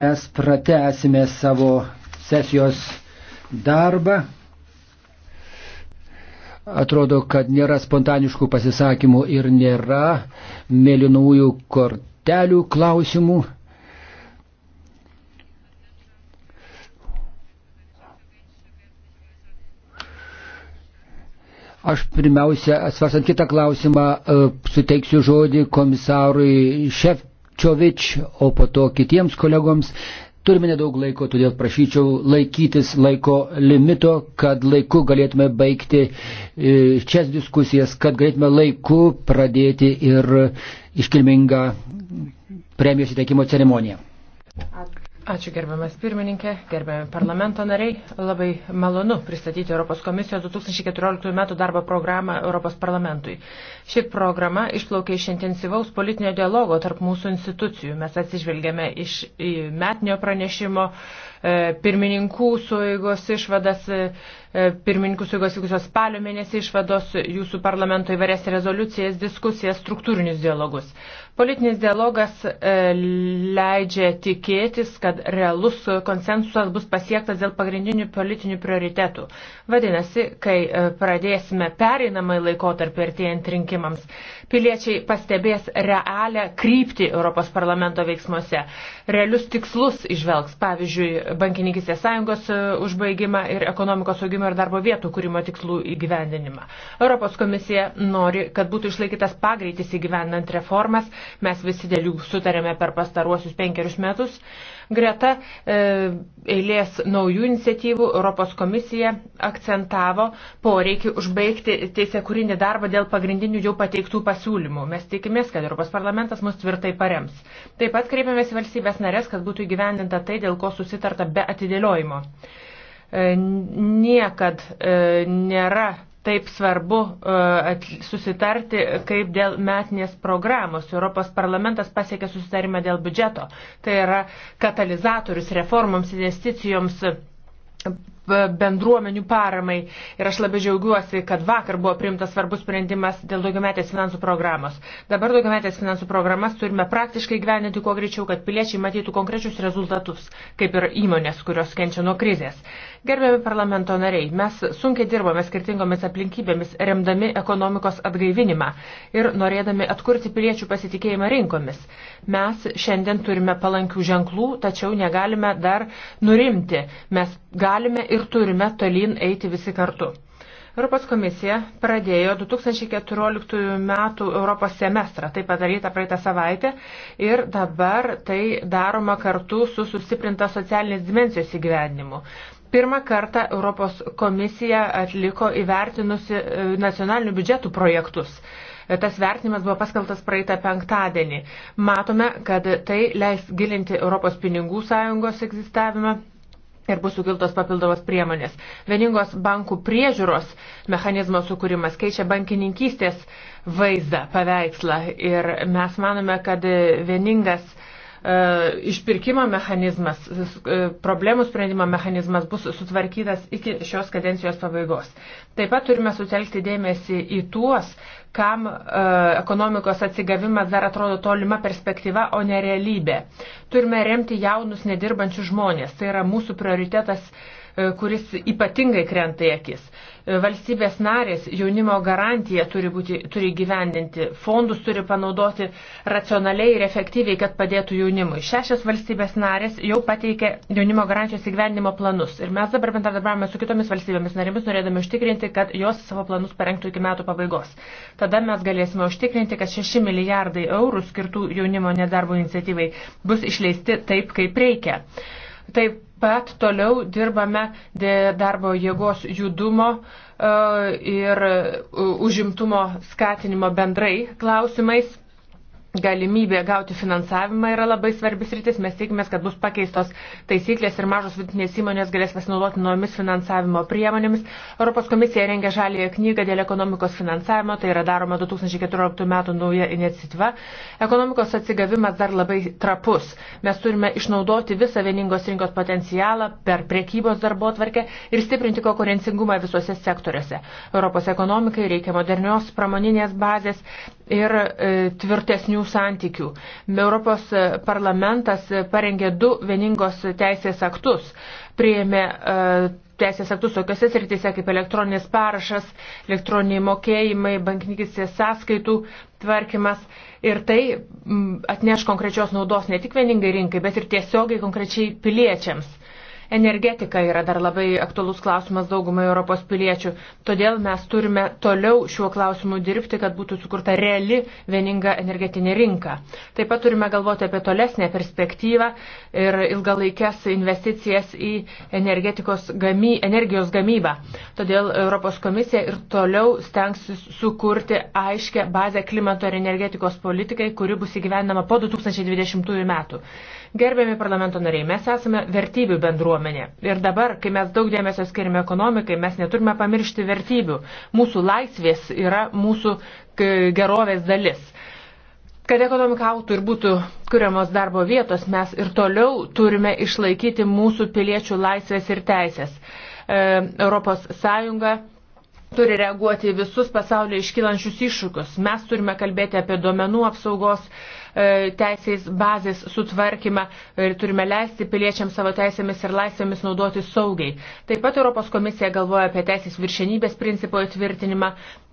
Mes pratęsime savo sesijos darbą. Atrodo, kad nėra spontaniškų pasisakymų ir nėra mėlynųjų kortelių klausimų. Aš pirmiausia, svarstant kitą klausimą, e, suteiksiu žodį komisarui Šef Čiovič, o po to kitiems kolegoms. Turime nedaug laiko, todėl prašyčiau laikytis laiko limito, kad laiku galėtume baigti e, šias diskusijas, kad galėtume laiku pradėti ir iškilmingą premijos įteikimo ceremoniją. Ačiū. Ačiū gerbiamas pirmininkė, gerbiami parlamento nariai. Labai malonu pristatyti Europos komisijos 2014 m. darbo programą Europos parlamentui. Ši programa išplaukė iš intensyvaus politinio dialogo tarp mūsų institucijų. Mes atsižvelgėme iš metinio pranešimo, e, pirmininkų suėgos išvadas, e, e, pirmininkų suėgos vykusios spalio mėnesį išvados, jūsų parlamento įvairias rezoliucijas, diskusijas, struktūrinius dialogus. Politinis dialogas e, leidžia tikėtis, kad realus konsensusas bus pasiektas dėl pagrindinių politinių prioritetų. Vadinasi, kai e, pradėsime pereinamai laikotarpį artėjant rinkimams, piliečiai pastebės realią kryptį Europos parlamento veiksmuose, realius tikslus išvelgs, pavyzdžiui, bankininkistės sąjungos e, užbaigimą ir ekonomikos augimo ir darbo vietų kūrimo tikslų įgyvendinimą. Europos komisija nori, kad būtų išlaikytas pagreitis įgyvendinant reformas, mes visi dėl jų sutarėme per pastaruosius penkerius metus. Greta e, eilės naujų iniciatyvų Europos komisija akcentavo poreikį užbaigti teisėkūrinį darbą dėl pagrindinių jau pateiktų pasiūlymų. Mes tikimės, kad Europos parlamentas mus tvirtai parems. Taip pat kreipėmės valstybės narės, kad būtų įgyvendinta tai, dėl ko susitarta be atidėliojimo e, niekad e, nėra taip svarbu e, susitarti kaip dėl metinės programos. Europos parlamentas pasiekė susitarimą dėl biudžeto. Tai yra katalizatorius reformoms, investicijoms bendruomenių paramai. Ir aš labai džiaugiuosi, kad vakar buvo priimtas svarbus sprendimas dėl daugiametės finansų programos. Dabar daugiametės finansų programas turime praktiškai gyveninti kuo greičiau, kad piliečiai matytų konkrečius rezultatus, kaip ir įmonės, kurios kenčia nuo krizės. Gerbiami parlamento nariai, mes sunkiai dirbame skirtingomis aplinkybėmis, remdami ekonomikos atgaivinimą ir norėdami atkurti piliečių pasitikėjimą rinkomis. Mes šiandien turime palankių ženklų, tačiau negalime dar nurimti. Mes galime ir ir turime tolyn eiti visi kartu. Europos komisija pradėjo 2014 metų Europos semestrą, tai padaryta praeitą savaitę ir dabar tai daroma kartu su sustiprinta socialinės dimensijos įgyvenimu. Pirmą kartą Europos komisija atliko įvertinusi e, nacionalinių biudžetų projektus. E, tas vertinimas buvo paskeltas praeitą penktadienį. Matome, kad tai leis gilinti Europos pinigų sąjungos egzistavimą, ir bus sukiltos papildomos priemonės. Vieningos bankų priežiūros mechanizmo sukūrimas keičia bankininkystės vaizdą, paveikslą ir mes manome, kad vieningas E, išpirkimo mechanizmas, e, problemų sprendimo mechanizmas bus sutvarkytas iki šios kadencijos pabaigos. Taip pat turime sutelkti dėmesį į tuos, kam e, ekonomikos atsigavimas dar atrodo tolima perspektyva, o ne realybė. Turime remti jaunus nedirbančius žmonės. Tai yra mūsų prioritetas E, kuris ypatingai krenta į akis. E, valstybės narės jaunimo garantiją turi, būti, turi gyvendinti, fondus turi panaudoti racionaliai ir efektyviai, kad padėtų jaunimui. Šešios valstybės narės jau pateikė jaunimo garantijos įgyvendinimo planus ir mes dabar bendradarbiavame su kitomis valstybėmis narėmis, norėdami užtikrinti, kad jos savo planus parengtų iki metų pabaigos. Tada mes galėsime užtikrinti, kad 6 milijardai eurų skirtų jaunimo nedarbo iniciatyvai bus išleisti taip, kaip reikia. Taip pat toliau dirbame darbo jėgos judumo e, ir e, užimtumo skatinimo bendrai klausimais galimybė gauti finansavimą yra labai svarbis rytis. Mes tikimės, kad bus pakeistos taisyklės ir mažos vidutinės įmonės galės pasinaudoti naujomis finansavimo priemonėmis. Europos komisija rengia žalėje knygą dėl ekonomikos finansavimo, tai yra daroma 2014 metų nauja iniciatyva. Ekonomikos atsigavimas dar labai trapus. Mes turime išnaudoti visą vieningos rinkos potencialą per priekybos darbo tvarkę ir stiprinti konkurencingumą visuose sektoriuose. Europos ekonomikai reikia modernios pramoninės bazės, ir e, tvirtesnių santykių. Europos parlamentas parengė du vieningos teisės aktus, prieėmė e, teisės aktus tokiuose srityse kaip elektroninis parašas, elektroniniai mokėjimai, bankininkistės sąskaitų tvarkymas ir tai atneš konkrečios naudos ne tik vieningai rinkai, bet ir tiesiogiai konkrečiai piliečiams. Energetika yra dar labai aktualus klausimas daugumai Europos piliečių, todėl mes turime toliau šiuo klausimu dirbti, kad būtų sukurta reali vieninga energetinė rinka. Taip pat turime galvoti apie tolesnę perspektyvą ir ilgalaikės investicijas į gamy, energijos gamybą. Todėl Europos komisija ir toliau stengsis sukurti aiškę bazę klimato ir energetikos politikai, kuri bus įgyvendama po 2020 metų. Gerbiami parlamento nariai, mes esame vertybių bendruomenė. Ir dabar, kai mes daug dėmesio skirime ekonomikai, mes neturime pamiršti vertybių. Mūsų laisvės yra mūsų e, gerovės dalis. Kad ekonomika autų ir būtų kuriamos darbo vietos, mes ir toliau turime išlaikyti mūsų piliečių laisvės ir teisės. E, Europos Sąjunga turi reaguoti į visus pasaulyje iškylančius iššūkius. Mes turime kalbėti apie duomenų apsaugos E, teisės bazės sutvarkymą ir turime leisti piliečiams savo teisėmis ir laisvėmis naudoti saugiai. Taip pat Europos komisija galvoja apie teisės viršenybės principo įtvirtinimą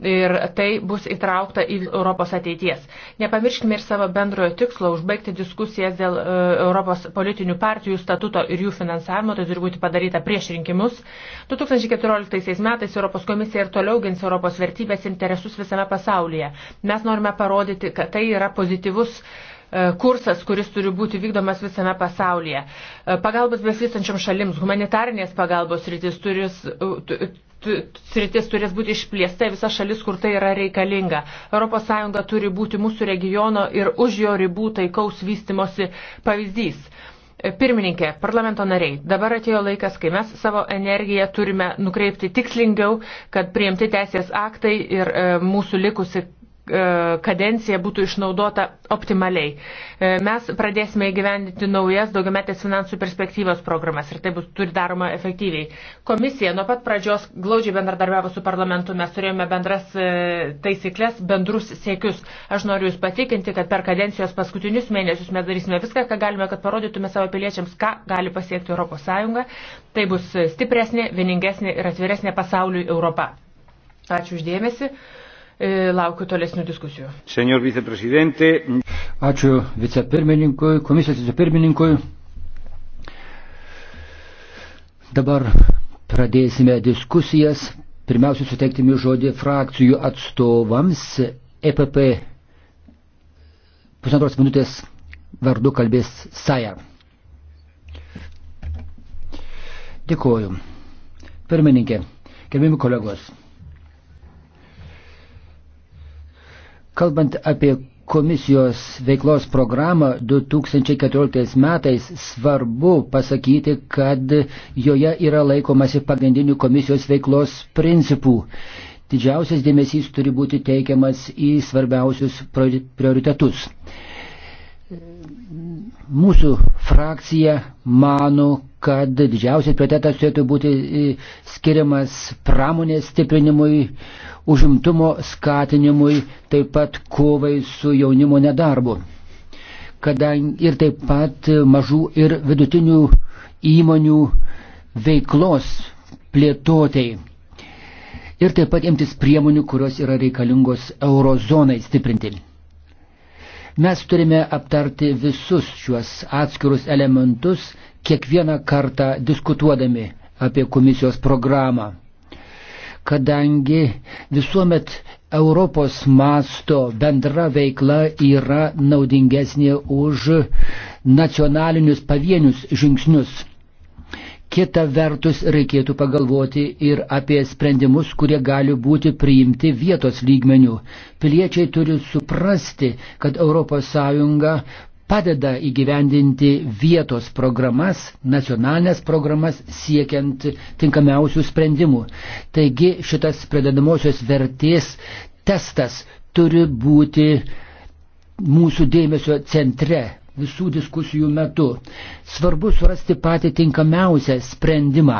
ir tai bus įtraukta į Europos ateities. Nepamirškime ir savo bendrojo tikslo užbaigti diskusijas dėl e, Europos politinių partijų statuto ir jų finansavimo, tai turi būti padaryta prieš rinkimus. 2014 metais Europos komisija ir toliau gins Europos vertybės interesus visame pasaulyje. Mes norime parodyti, kad tai yra pozityvus E, kursas, kuris turi būti vykdomas visame pasaulyje. E, pagalbos besistančiam šalims, humanitarinės pagalbos rytis turis, sritis turės būti išplėsta visa šalis, kur tai yra reikalinga. ES turi būti mūsų regiono ir už jo ribų taikaus vystimosi pavyzdys. E, pirmininkė, parlamento nariai, dabar atėjo laikas, kai mes savo energiją turime nukreipti tikslingiau, kad priimti teisės aktai ir e, mūsų likusi E, kadencija būtų išnaudota optimaliai. E, mes pradėsime įgyvendinti naujas daugiametės finansų perspektyvos programas ir tai bus turi daroma efektyviai. Komisija nuo pat pradžios glaudžiai bendradarbiavo su parlamentu, mes turėjome bendras e, taisyklės, bendrus siekius. Aš noriu Jūs patikinti, kad per kadencijos paskutinius mėnesius mes darysime viską, ką galime, kad parodytume savo piliečiams, ką gali pasiekti ES. Tai bus stipresnė, vieningesnė ir atviresnė pasauliui Europa. Ačiū uždėmesi. E, laukiu tolesnių diskusijų. Senor viceprezidente. Ačiū vicepirmininkui, komisijos vicepirmininkui. Dabar pradėsime diskusijas. Pirmiausia, suteiktimi žodį frakcijų atstovams. EPP pusantros minutės vardu kalbės Saja. Dėkuoju. Pirmininkė, gerbimi kolegos. Kalbant apie komisijos veiklos programą 2014 metais svarbu pasakyti, kad joje yra laikomasi pagrindinių komisijos veiklos principų. Didžiausias dėmesys turi būti teikiamas į svarbiausius prioritetus. Mūsų frakcija mano, kad didžiausias prioritetas turėtų būti e, skiriamas pramonės stiprinimui, užimtumo skatinimui, taip pat kovai su jaunimo nedarbu. Kadangi ir taip pat mažų ir vidutinių įmonių veiklos plėtotei. Ir taip pat imtis priemonių, kurios yra reikalingos eurozonai stiprinti. Mes turime aptarti visus šiuos atskirus elementus kiekvieną kartą diskutuodami apie komisijos programą. Kadangi visuomet Europos masto bendra veikla yra naudingesnė už nacionalinius pavienius žingsnius. Kita vertus, reikėtų pagalvoti ir apie sprendimus, kurie gali būti priimti vietos lygmenių. Piliečiai turi suprasti, kad ES padeda įgyvendinti vietos programas, nacionalinės programas, siekiant tinkamiausių sprendimų. Taigi šitas pridedamosios vertės testas turi būti mūsų dėmesio centre visų diskusijų metu. Svarbu surasti patį tinkamiausią sprendimą.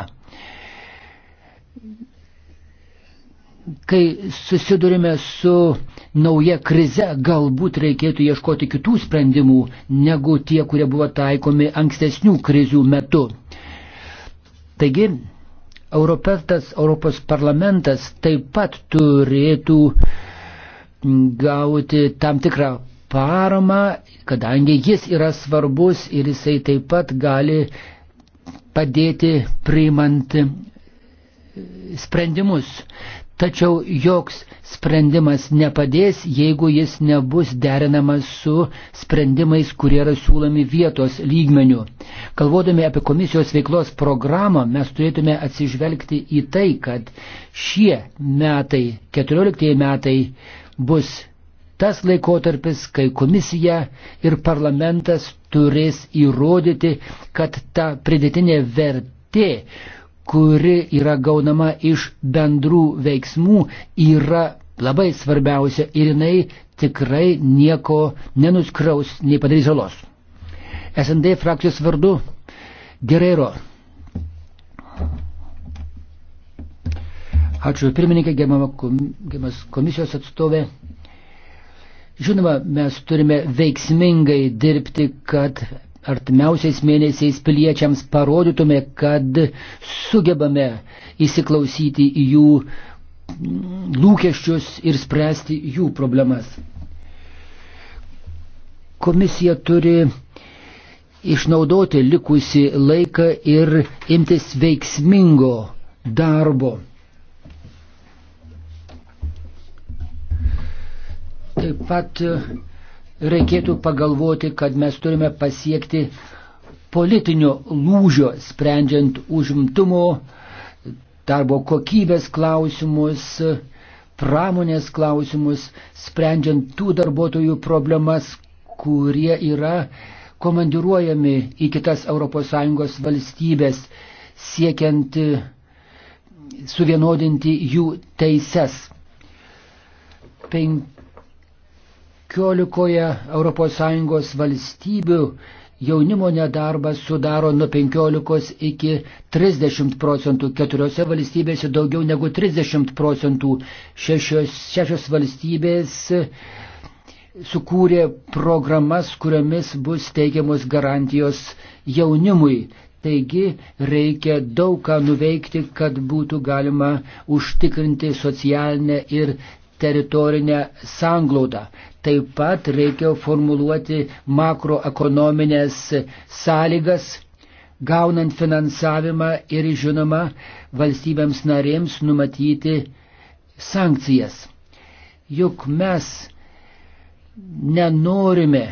Kai susidurime su nauja krize, galbūt reikėtų ieškoti kitų sprendimų negu tie, kurie buvo taikomi ankstesnių krizių metu. Taigi, Europetas, Europos parlamentas taip pat turėtų gauti tam tikrą paramą, kadangi jis yra svarbus ir jisai taip pat gali padėti priimant e, sprendimus. Tačiau joks sprendimas nepadės, jeigu jis nebus derinamas su sprendimais, kurie yra siūlomi vietos lygmenių. Kalvodami apie komisijos veiklos programą, mes turėtume atsižvelgti į tai, kad šie metai, 14 metai, bus tas laikotarpis, kai komisija ir parlamentas turės įrodyti, kad ta pridėtinė vertė, kuri yra gaunama iš bendrų veiksmų, yra labai svarbiausia ir jinai tikrai nieko nenuskraus, nei padarys žalos. SND frakcijos vardu Gereiro. Ačiū pirmininkė, gerbiamas komisijos atstovė. Žinoma, mes turime veiksmingai dirbti, kad artimiausiais mėnesiais piliečiams parodytume, kad sugebame įsiklausyti į jų lūkesčius ir spręsti jų problemas. Komisija turi išnaudoti likusi laiką ir imtis veiksmingo darbo. Taip pat e, reikėtų pagalvoti, kad mes turime pasiekti politinio lūžio, sprendžiant užimtumo, darbo kokybės klausimus, pramonės klausimus, sprendžiant tų darbuotojų problemas, kurie yra komandiruojami į kitas ES valstybės, siekiant e, suvienodinti jų teises. 5 15 ES valstybių jaunimo nedarbas sudaro nuo 15 iki 30 procentų, keturiose valstybėse daugiau negu 30 procentų, šešios, šešios valstybės sukūrė programas, kuriomis bus teikiamos garantijos jaunimui. Taigi reikia daug ką nuveikti, kad būtų galima užtikrinti socialinę ir teritorinę sanglaudą. Taip pat reikia formuluoti makroekonominės sąlygas, gaunant finansavimą ir, žinoma, valstybėms narėms numatyti sankcijas. Juk mes nenorime,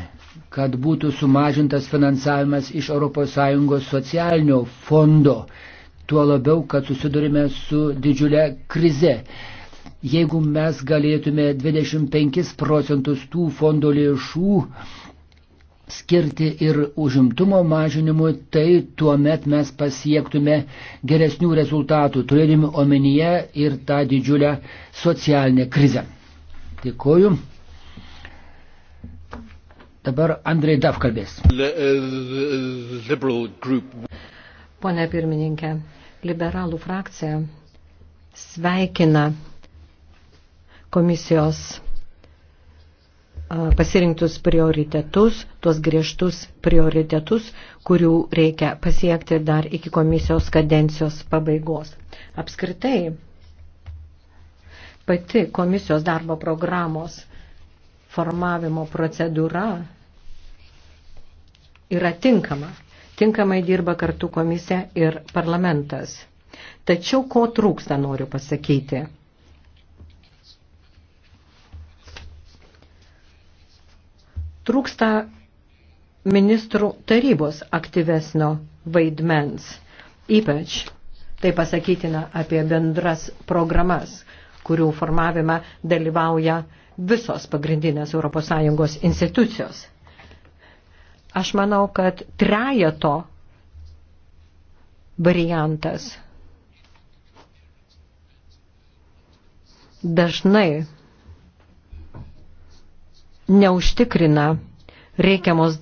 kad būtų sumažintas finansavimas iš ES socialinio fondo, tuo labiau, kad susidurime su didžiulė krize. Jeigu mes galėtume 25 procentus tų fondo lėšų skirti ir užimtumo mažinimui, tai tuomet mes pasiektume geresnių rezultatų, turėdami omenyje ir tą didžiulę socialinę krizę. Dėkoju. Dabar Andrei Dav kalbės. E, Pone pirmininkė, liberalų frakcija sveikina komisijos pasirinktus prioritetus, tuos griežtus prioritetus, kurių reikia pasiekti dar iki komisijos kadencijos pabaigos. Apskritai, pati komisijos darbo programos formavimo procedūra yra tinkama. Tinkamai dirba kartu komisija ir parlamentas. Tačiau ko trūksta, noriu pasakyti Trūksta ministrų tarybos aktyvesnio vaidmens. Ypač tai pasakytina apie bendras programas, kurių formavime dalyvauja visos pagrindinės ES institucijos. Aš manau, kad trejato variantas dažnai neužtikrina reikiamos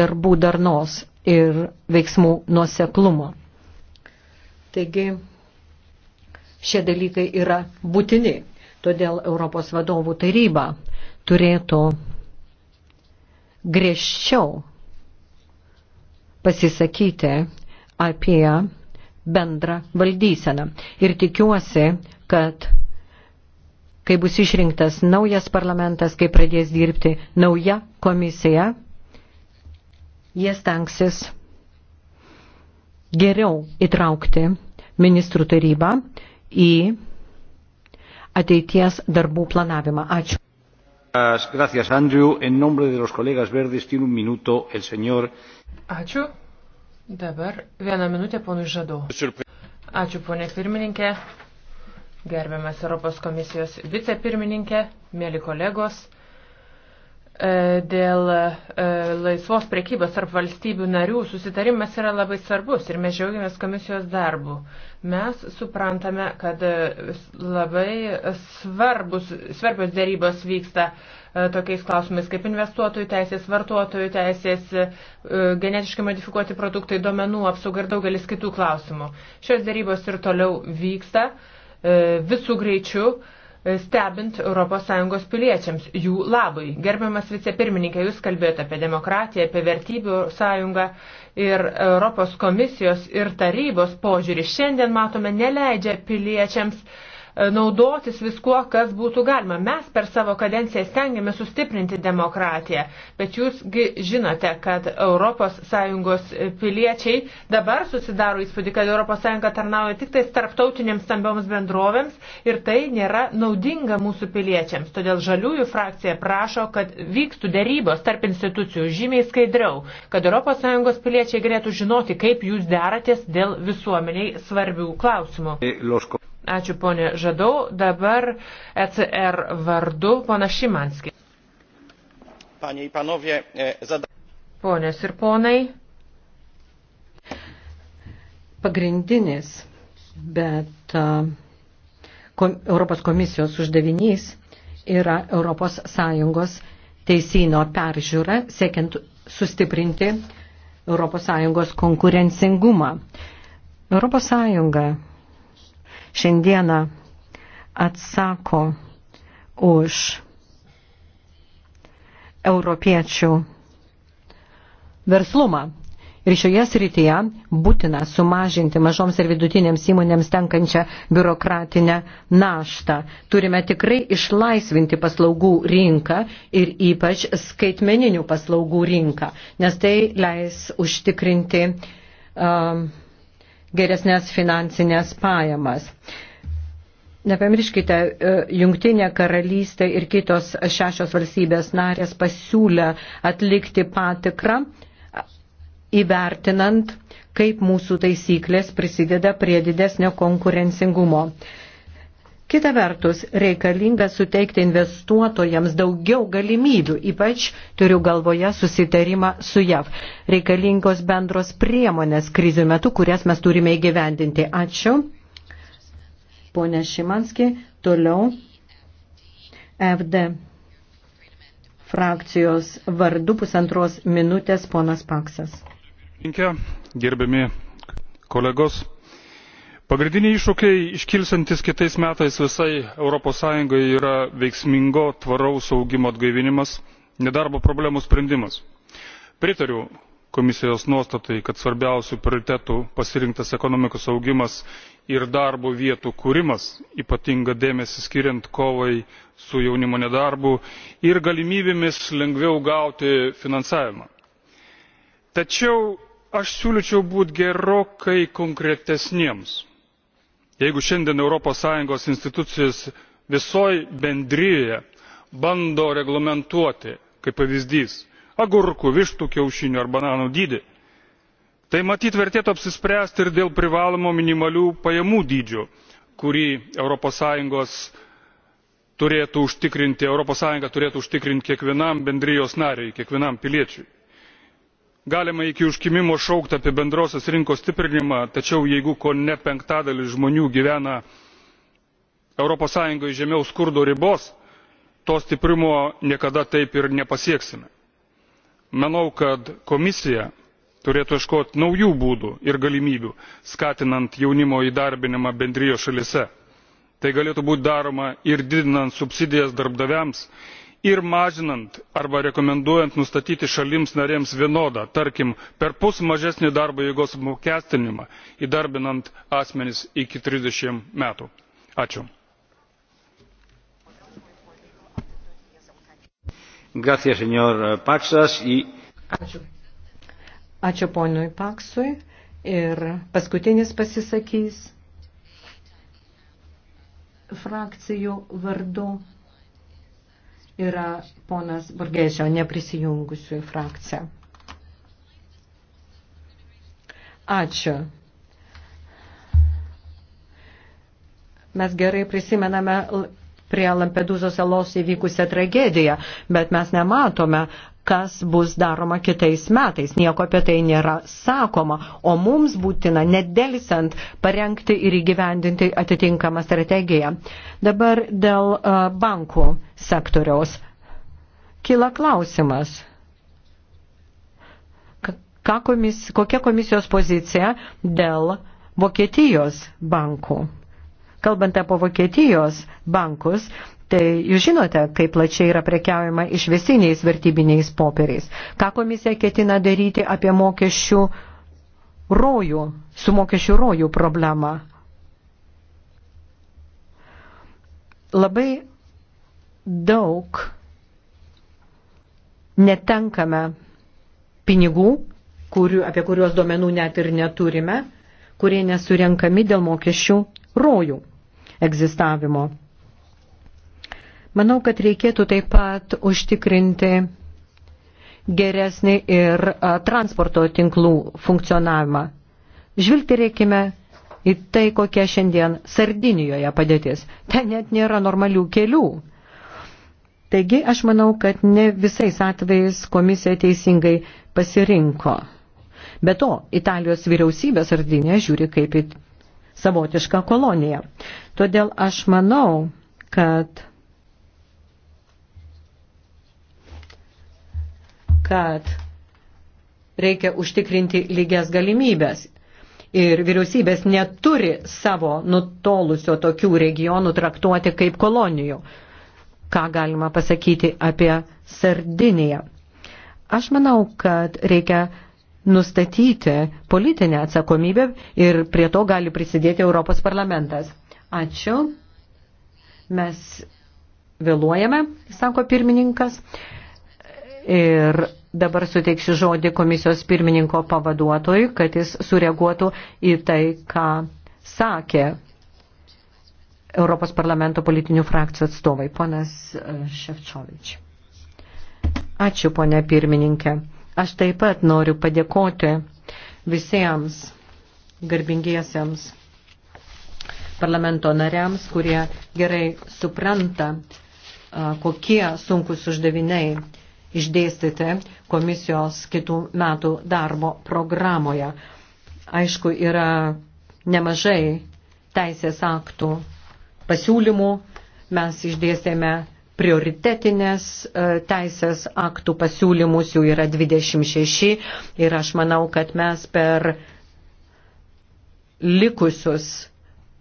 darbų darnos ir veiksmų nuoseklumo. Taigi šie dalykai yra būtini, todėl Europos vadovų taryba turėtų griežčiau pasisakyti apie bendrą valdyseną. Ir tikiuosi, kad kai bus išrinktas naujas parlamentas, kai pradės dirbti nauja komisija, jie stengsis geriau įtraukti ministrų tarybą į ateities darbų planavimą. Ačiū. Gracias, Andrew. En nombre de los colegas verdes tiene un minuto el señor. Ačiū. Dabar vieną minutę ponui Žadau. Ačiū, ponė pirmininkė gerbiamas Europos komisijos vicepirmininkė, mėly kolegos. E, dėl e, laisvos priekybos tarp valstybių narių susitarimas yra labai svarbus ir mes žiaugiamės komisijos darbu. Mes suprantame, kad e, labai svarbus, svarbios dėrybos vyksta tokiais klausimais kaip investuotojų teisės, vartotojų teisės, genetiškai modifikuoti produktai, duomenų apsauga ir daugelis kitų klausimų. Šios dėrybos ir toliau vyksta. E, visų greičių e, stebint ES piliečiams, jų labui. Gerbiamas vicepirmininkė, jūs kalbėjote apie demokratiją, apie vertybių sąjungą ir Europos komisijos ir tarybos požiūrį. Šiandien matome neleidžia piliečiams uh, E, naudotis viskuo, kas būtų galima. Mes per savo kadenciją stengiame sustiprinti demokratiją, bet jūsgi žinote, kad ES piliečiai dabar susidaro įspūdį, kad ES tarnauja tik tais tarptautinėms stambioms bendrovėms ir tai nėra naudinga mūsų piliečiams. Todėl žaliųjų frakcija prašo, kad vyktų dėrybos tarp institucijų žymiai skaidriau, kad ES piliečiai galėtų žinoti, kaip jūs deratės dėl visuomeniai svarbių klausimų. Ačiū ponė Žadau. Dabar ECR vardu pana Šimanski. Panie ir panovie, e, zada... Ponės ir ponai. Pagrindinis, bet e, kom, Europos komisijos uždavinys yra Europos Sąjungos teisino peržiūra, siekiant sustiprinti Europos Sąjungos konkurencingumą. Europos Sąjunga šiandieną atsako už europiečių verslumą. Ir šioje srityje būtina sumažinti mažoms ir vidutinėms įmonėms tenkančią biurokratinę naštą. Turime tikrai išlaisvinti paslaugų rinką ir ypač skaitmeninių paslaugų rinką, nes tai leis užtikrinti um, geresnės finansinės pajamas. Nepamirškite, e, Jungtinė karalystė ir kitos šešios valstybės narės pasiūlė atlikti patikrą, įvertinant, kaip mūsų taisyklės prisideda prie didesnio konkurencingumo. Kita vertus, reikalinga suteikti investuotojams daugiau galimybių, ypač turiu galvoje susitarimą su JAV. Reikalingos bendros priemonės krizių metu, kurias mes turime įgyvendinti. Ačiū. Pone Šimanski, toliau FD frakcijos vardu pusantros minutės ponas Paksas. Gerbiami kolegos, pagrindiniai iššūkiai iškilsiantys kitais metais visai europos sąjungai yra veiksmingo tvaraus augimo atgaivinimas nedarbo problemų sprendimas. pritariu komisijos nuostatai kad svarbiausiu prioritetu pasirinktas ekonomikos augimas ir darbo vietų kūrimas ypatingą dėmesį skiriant kovai su jaunimo nedarbu ir galimybėmis lengviau gauti finansavimą. tačiau aš siūlyčiau būti gerokai konkretesniems jeigu šiandien europos sąjungos institucijos visoje bendrijoje bando reglamentuoti kaip pavyzdys agurkų vištų kiaušinių ar bananų dydį tai matyt vertėtų apsispręsti ir dėl privalomo minimalių pajamų dydžio kurį europos sąjunga turėtų užtikrinti kiekvienam bendrijos nariui kiekvienam piliečiui galima iki užkimimo šaukti apie bendrosios rinkos stiprinimą tačiau jeigu kone penktadalis žmonių gyvena europos sąjungoje žemiau skurdo ribos to stiprumo niekada taip ir nepasieksime. manau kad komisija turėtų ieškoti naujų būdų ir galimybių skatinant jaunimo įdarbinimą bendrijos šalyse. tai galėtų būti daroma ir didinant subsidijas darbdaviams ir mažinant arba rekomenduojant nustatyti šalims narėms vienodą tarkim perpus mažesnį darbo jėgos apmokestinimą įdarbinant asmenis iki trisdešimt metų. ačiū. Gracias, señor Paksas. Y... Ačiū. Ačiū ponui Paksui. Ir paskutinis pasisakys frakcijų vardu yra ponas Burgesio neprisijungusių į frakciją. Ačiū. Mes gerai prisimename prie Lampedūzos salos įvykusią tragediją, bet mes nematome kas bus daroma kitais metais. Nieko apie tai nėra sakoma, o mums būtina nedelsiant parengti ir įgyvendinti atitinkamą strategiją. Dabar dėl e, bankų sektoriaus. Kila klausimas. Komis, kokia komisijos pozicija dėl Vokietijos bankų? Kalbant apie Vokietijos bankus, Tai jūs žinote, kaip plačiai yra prekiaujama išvesiniais vertybiniais popieriais. Ką komisija ketina daryti apie mokesčių rojų, su mokesčių rojų problemą? Labai daug netenkame pinigų, kurių, apie kuriuos duomenų net ir neturime, kurie nesurenkami dėl mokesčių rojų egzistavimo. Manau, kad reikėtų taip pat užtikrinti geresnį ir a, transporto tinklų funkcionavimą. Žvilgti reikime į tai, kokia šiandien Sardinijoje padėtis. Ten net nėra normalių kelių. Taigi aš manau, kad ne visais atvejais komisija teisingai pasirinko. Be to, Italijos vyriausybė Sardinė žiūri kaip į savotišką koloniją. Todėl aš manau, kad kad reikia užtikrinti lygias galimybės. Ir vyriausybės neturi savo nutolusio tokių regionų traktuoti kaip kolonijų. Ką galima pasakyti apie Sardiniją? Aš manau, kad reikia nustatyti politinę atsakomybę ir prie to gali prisidėti Europos parlamentas. Ačiū. Mes vėluojame, sako pirmininkas. Ir Dabar suteiksiu žodį komisijos pirmininko pavaduotojui, kad jis sureaguotų į tai, ką sakė Europos parlamento politinių frakcijų atstovai, ponas e, Ševčovič. Ačiū, ponė pirmininkė. Aš taip pat noriu padėkoti visiems garbingiesiems parlamento nariams, kurie gerai supranta, kokie sunkus uždaviniai išdėstyti komisijos kitų metų darbo programoje. Aišku, yra nemažai teisės aktų pasiūlymų. Mes išdėstėme prioritetinės e, teisės aktų pasiūlymus, jų yra 26 ir aš manau, kad mes per likusius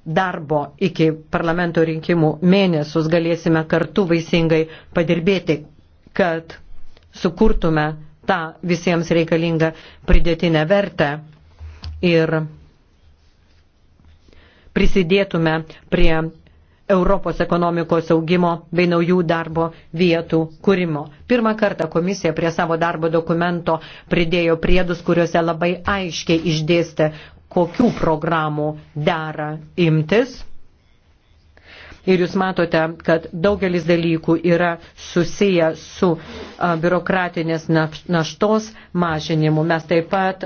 darbo iki parlamento rinkimų mėnesius galėsime kartu vaisingai padirbėti, kad sukurtume tą visiems reikalingą pridėtinę vertę ir prisidėtume prie Europos ekonomikos augimo bei naujų darbo vietų kūrimo. Pirmą kartą komisija prie savo darbo dokumento pridėjo priedus, kuriuose labai aiškiai išdėstė, kokių programų dera imtis ir jūs matote, kad daugelis dalykų yra susiję su biurokratinės naštos mažinimu. Mes taip pat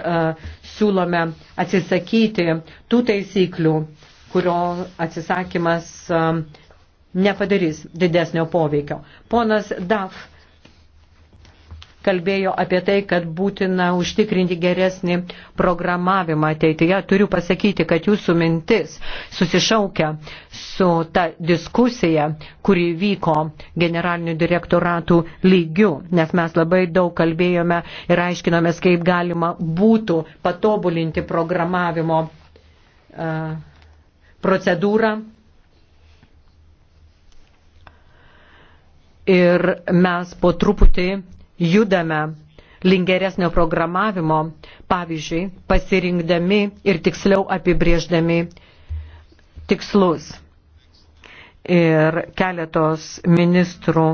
siūlome atsisakyti tų taisyklių, kurio atsisakymas nepadarys didesnio poveikio. Ponas Daf kalbėjo apie tai, kad būtina užtikrinti geresnį programavimą ateityje. Turiu pasakyti, kad jūsų mintis susišaukia su ta diskusija, kuri vyko generalinių direktoratų lygių, nes mes labai daug kalbėjome ir aiškinomės, kaip galima būtų patobulinti programavimo uh, procedūrą, ir mes po truputį judame link geresnio programavimo, pavyzdžiui, pasirinkdami ir tiksliau apibrėždami tikslus. Ir keletos ministrų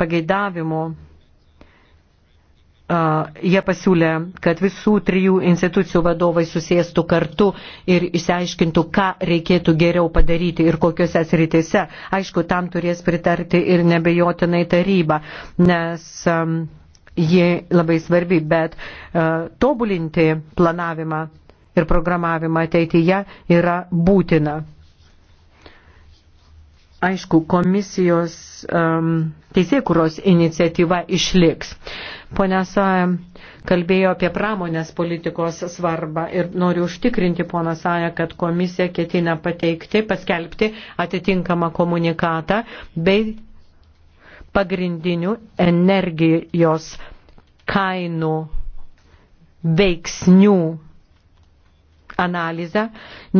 pageidavimų jie pasiūlė, kad visų trijų institucijų vadovai susėstų kartu ir išsiaiškintų, ką reikėtų geriau padaryti ir kokiuose sritise. Aišku, tam turės pritarti ir nebejotinai taryba, nes um, jie labai svarbi, bet tobulinti planavimą ir programavimą ateityje yra būtina aišku, komisijos um, teisėkuros iniciatyva išliks. Pone Saja kalbėjo apie pramonės politikos svarbą ir noriu užtikrinti poną Saja, kad komisija ketina pateikti, paskelbti atitinkamą komunikatą bei pagrindinių energijos kainų veiksnių analizę,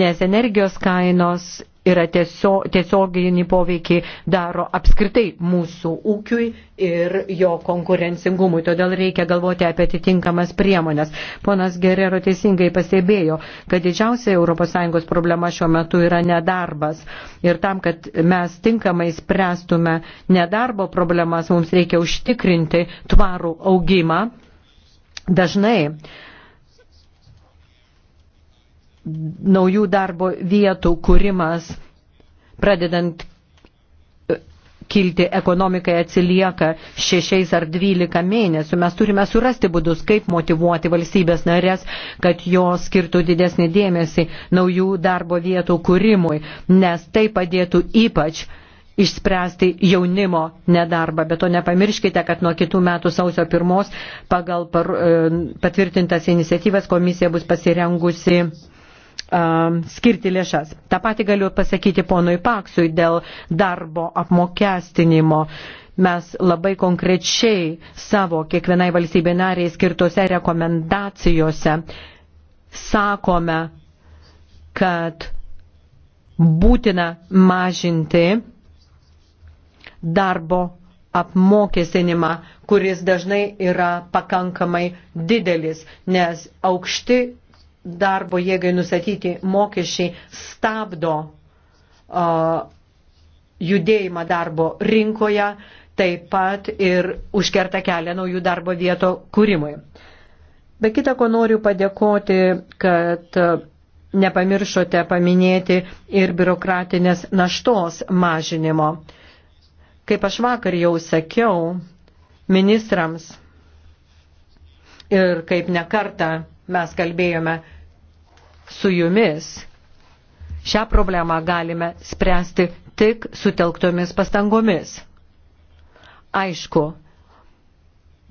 nes energijos kainos yra tiesio, tiesioginį poveikį daro apskritai mūsų ūkiui ir jo konkurencingumui. Todėl reikia galvoti apie atitinkamas priemonės. Ponas Gerero teisingai pastebėjo, kad didžiausia ES problema šiuo metu yra nedarbas. Ir tam, kad mes tinkamai spręstume nedarbo problemas, mums reikia užtikrinti tvarų augimą. Dažnai naujų darbo vietų kūrimas, pradedant e, kilti ekonomikai atsilieka 6 ar 12 mėnesių. Mes turime surasti būdus, kaip motivuoti valstybės narės, kad jos skirtų didesnį dėmesį naujų darbo vietų kūrimui, nes tai padėtų ypač išspręsti jaunimo nedarbą. Bet to nepamirškite, kad nuo kitų metų sausio pirmos pagal par, e, patvirtintas iniciatyvas komisija bus pasirengusi Um, skirti lėšas. Ta pati galiu pasakyti ponui Paksui dėl darbo apmokestinimo. Mes labai konkrečiai savo kiekvienai valstybė nariai skirtose rekomendacijose sakome, kad būtina mažinti darbo apmokestinimą, kuris dažnai yra pakankamai didelis, nes aukšti darbo jėgai nustatyti mokesčiai stabdo uh, judėjimą darbo rinkoje, taip pat ir užkerta kelią naujų darbo vieto kūrimui. Be kita ko noriu padėkoti, kad nepamiršote paminėti ir biurokratinės naštos mažinimo. Kaip aš vakar jau sakiau ministrams ir kaip nekarta mes kalbėjome su jumis šią problemą galime spręsti tik sutelktomis pastangomis. Aišku,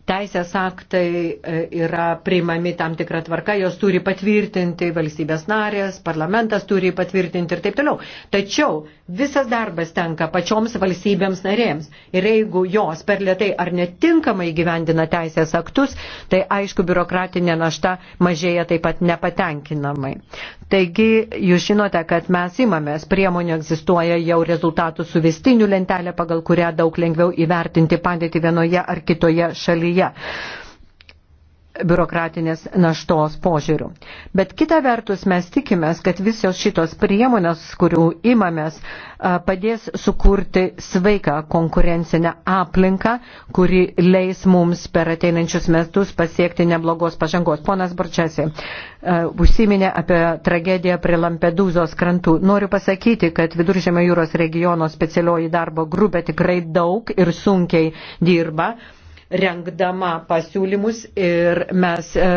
Teisės aktai e, yra priimami tam tikrą tvarką, jos turi patvirtinti valstybės narės, parlamentas turi patvirtinti ir taip toliau. Tačiau visas darbas tenka pačioms valstybėms narėms. Ir jeigu jos per lietai ar netinkamai gyvendina teisės aktus, tai aišku, biurokratinė našta mažėja taip pat nepatenkinamai. Taigi, jūs žinote, kad mes imamės priemonių egzistuoja jau rezultatų suvestinių lentelė, pagal kurią daug lengviau įvertinti padėti vienoje ar kitoje šalyje šalyje biurokratinės naštos požiūrių. Bet kita vertus mes tikimės, kad visos šitos priemonės, kurių imamės, padės sukurti sveiką konkurencinę aplinką, kuri leis mums per ateinančius metus pasiekti neblogos pažangos. Ponas Borčiasi užsiminė apie tragediją prie Lampedūzos krantų. Noriu pasakyti, kad Viduržėmio jūros regiono specialioji darbo grupė tikrai daug ir sunkiai dirba rengdama pasiūlymus ir mes e,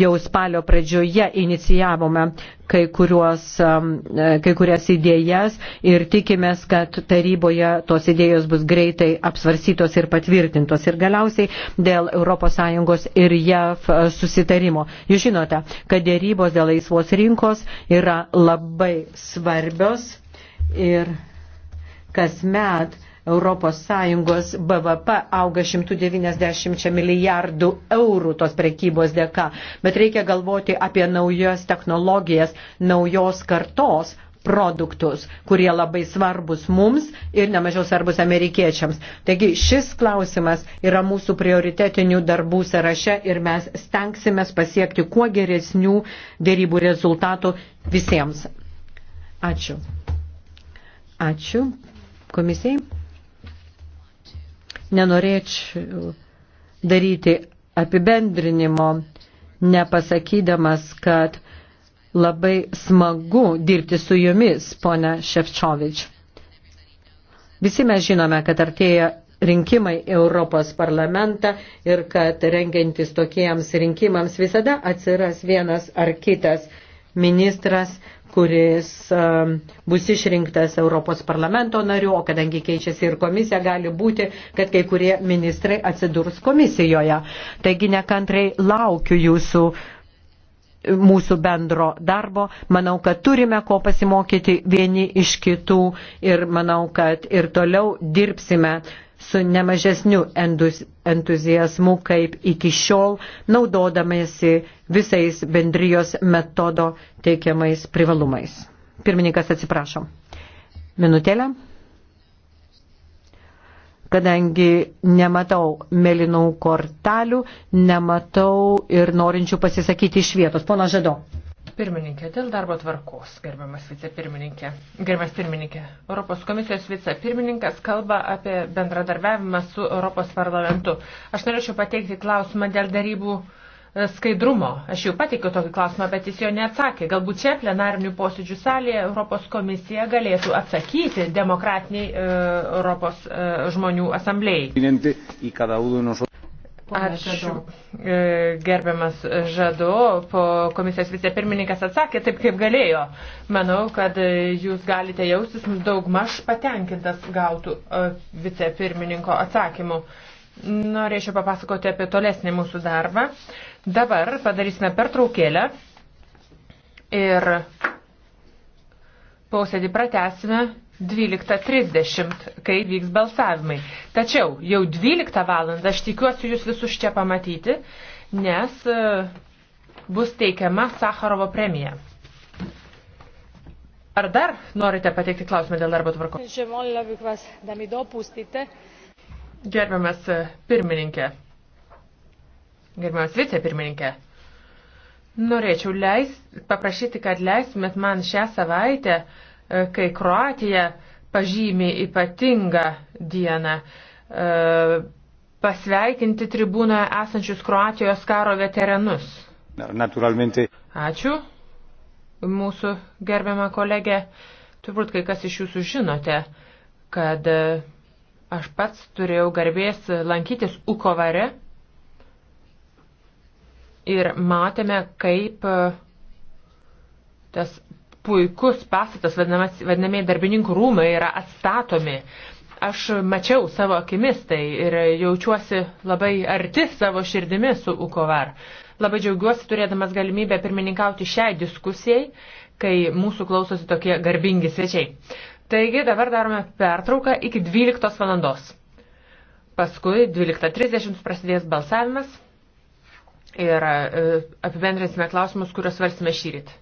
jau spalio pradžioje inicijavome kai, kuriuos, e, kai kurias idėjas ir tikimės, kad taryboje tos idėjos bus greitai apsvarsytos ir patvirtintos. Ir galiausiai dėl ES ir JAV susitarimo. Jūs žinote, kad dėrybos dėl laisvos rinkos yra labai svarbios ir kasmet ES BVP auga 190 milijardų eurų tos prekybos dėka, bet reikia galvoti apie naujas technologijas, naujos kartos produktus, kurie labai svarbus mums ir nemažiau svarbus amerikiečiams. Taigi šis klausimas yra mūsų prioritetinių darbų sąraše ir mes stengsime pasiekti kuo geresnių dėrybų rezultatų visiems. Ačiū. Ačiū komisijai nenorėčiau daryti apibendrinimo, nepasakydamas, kad labai smagu dirbti su jumis, ponia Ševčovič. Visi mes žinome, kad artėja rinkimai Europos parlamentą ir kad rengiantis tokiems rinkimams visada atsiras vienas ar kitas ministras kuris um, bus išrinktas Europos parlamento nariu, o kadangi keičiasi ir komisija, gali būti, kad kai kurie ministrai atsidurs komisijoje. Taigi nekantrai laukiu jūsų mūsų bendro darbo. Manau, kad turime ko pasimokyti vieni iš kitų ir manau, kad ir toliau dirbsime su nemažesniu entuzijazmu kaip iki šiol, naudodamėsi visais bendrijos metodo teikiamais privalumais. Pirmininkas atsiprašo. Minutėlę. Kadangi nematau mėlynų kortelių, nematau ir norinčių pasisakyti iš vietos. Pona Žado. Pirmininkė, dėl darbo tvarkos, gerbiamas vicepirmininkė. Gerbiamas pirmininkė, Europos komisijos vicepirmininkas kalba apie bendradarbiavimą su Europos parlamentu. Aš norėčiau pateikti klausimą dėl darybų e, skaidrumo. Aš jau pateikiau tokį klausimą, bet jis jo neatsakė. Galbūt čia plenarinių posėdžių salėje Europos komisija galėtų atsakyti demokratiniai e, Europos e, žmonių asamblėjai. Ačiū. E, gerbiamas Žadu, po komisijos vicepirmininkas atsakė taip, kaip galėjo. Manau, kad jūs galite jaustis daugmaž patenkintas gautų e, vicepirmininko atsakymu. Norėčiau papasakoti apie tolesnį mūsų darbą. Dabar padarysime pertraukėlę ir posėdį pratesime 12.30, kai vyks balsavimai. Tačiau jau 12 valandą aš tikiuosi jūs visus čia pamatyti, nes e, bus teikiama Sakarovo premija. Ar dar norite pateikti klausimą dėl darbo tvarkos? Gerbiamas e, pirmininkė, gerbiamas vicepirmininkė, norėčiau leis, paprašyti, kad leistumėt man šią savaitę uh, E, kai Kroatija pažymė ypatingą dieną. E, pasveikinti tribūnoje esančius Kroatijos karo veteranus. Naturalmente. Ačiū. Mūsų gerbiama kolegė, turbūt kai kas iš jūsų žinote, kad e, aš pats turėjau garbės lankytis Ukovare ir matėme, kaip tas puikus pastatas, vadinamieji darbininkų rūmai, yra atstatomi. Aš mačiau savo akimis tai ir jaučiuosi labai arti savo širdimi su Ukovar. Labai džiaugiuosi turėdamas galimybę pirmininkauti šiai diskusijai, kai mūsų klausosi tokie garbingi svečiai. Taigi dabar darome pertrauką iki 12 valandos. Paskui 12.30 prasidės balsavimas ir e, apibendrinsime klausimus, kuriuos svarsime šyrit.